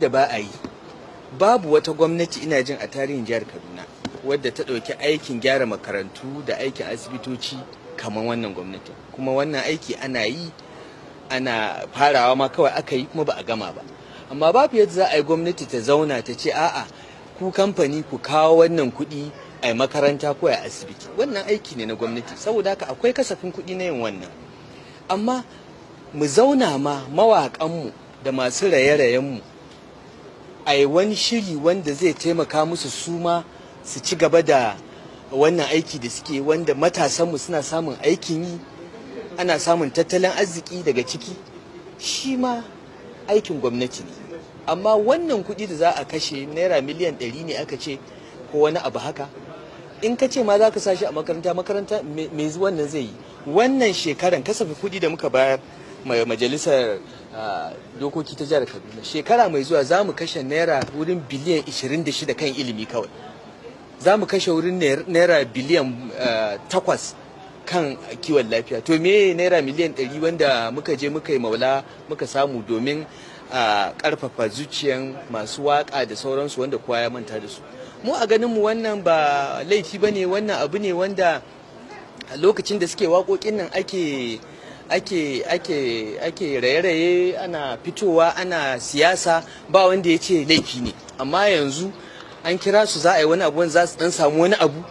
da ba a yi babu wata gwamnati ina jin a tarihin jihar kaduna wadda ta ɗauki aikin gyara makarantu da aikin asibitoci kamar wannan gwamnati kuma wannan aiki ana yi ana farawa ma kawai aka yi kuma ba a gama ba amma babu yadda za a yi gwamnati ta zauna ta ce a'a ku kamfani ku kawo wannan kuɗi a makaranta ko a asibiti wannan aiki ne na gwamnati saboda haka akwai kasafin kuɗi na yin wannan amma mu zauna ma mawaƙanmu da masu raye-rayenmu a yi wani shiri wanda zai taimaka musu suma su ci gaba da wannan aiki da suke wanda matasanmu suna samun aikin yi ana samun tattalin arziki daga ciki shi ma aikin gwamnati ne amma wannan kuɗi da za a kashe naira miliyan ɗari ne aka ce ko wani abu haka in ka ce ma za ka sashi a makaranta makaranta mai wannan zai yi wannan shekaran kasafi kuɗi da muka bayar majalisar dokoki ta jihar kaduna shekara mai zuwa za mu kashe naira wurin biliyan 26 kan ilimi kawai za mu kashe wurin naira biliyan 8 kan kiwon lafiya to me naira miliyan 100 wanda muka je muka yi maula muka samu domin a karfafa zuciyan masu waka da sauransu wanda kowa ya manta da su mu a ganin mu wannan ba laifi ba ne wannan abu ne wanda lokacin da suke waƙoƙin nan ake ake ake ake raye-raye ana fitowa ana siyasa ba wanda ya ce laifi ne amma yanzu an kira su za a yi wani abu za su dan samu wani abu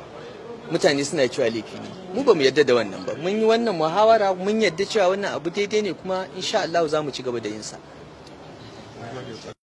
mutane suna cewa laifi ne mu ba mu yadda da wannan ba mun yi wannan muhawara mun yadda cewa wannan abu daidai ne kuma insha Allah za mu ci gaba da yin sa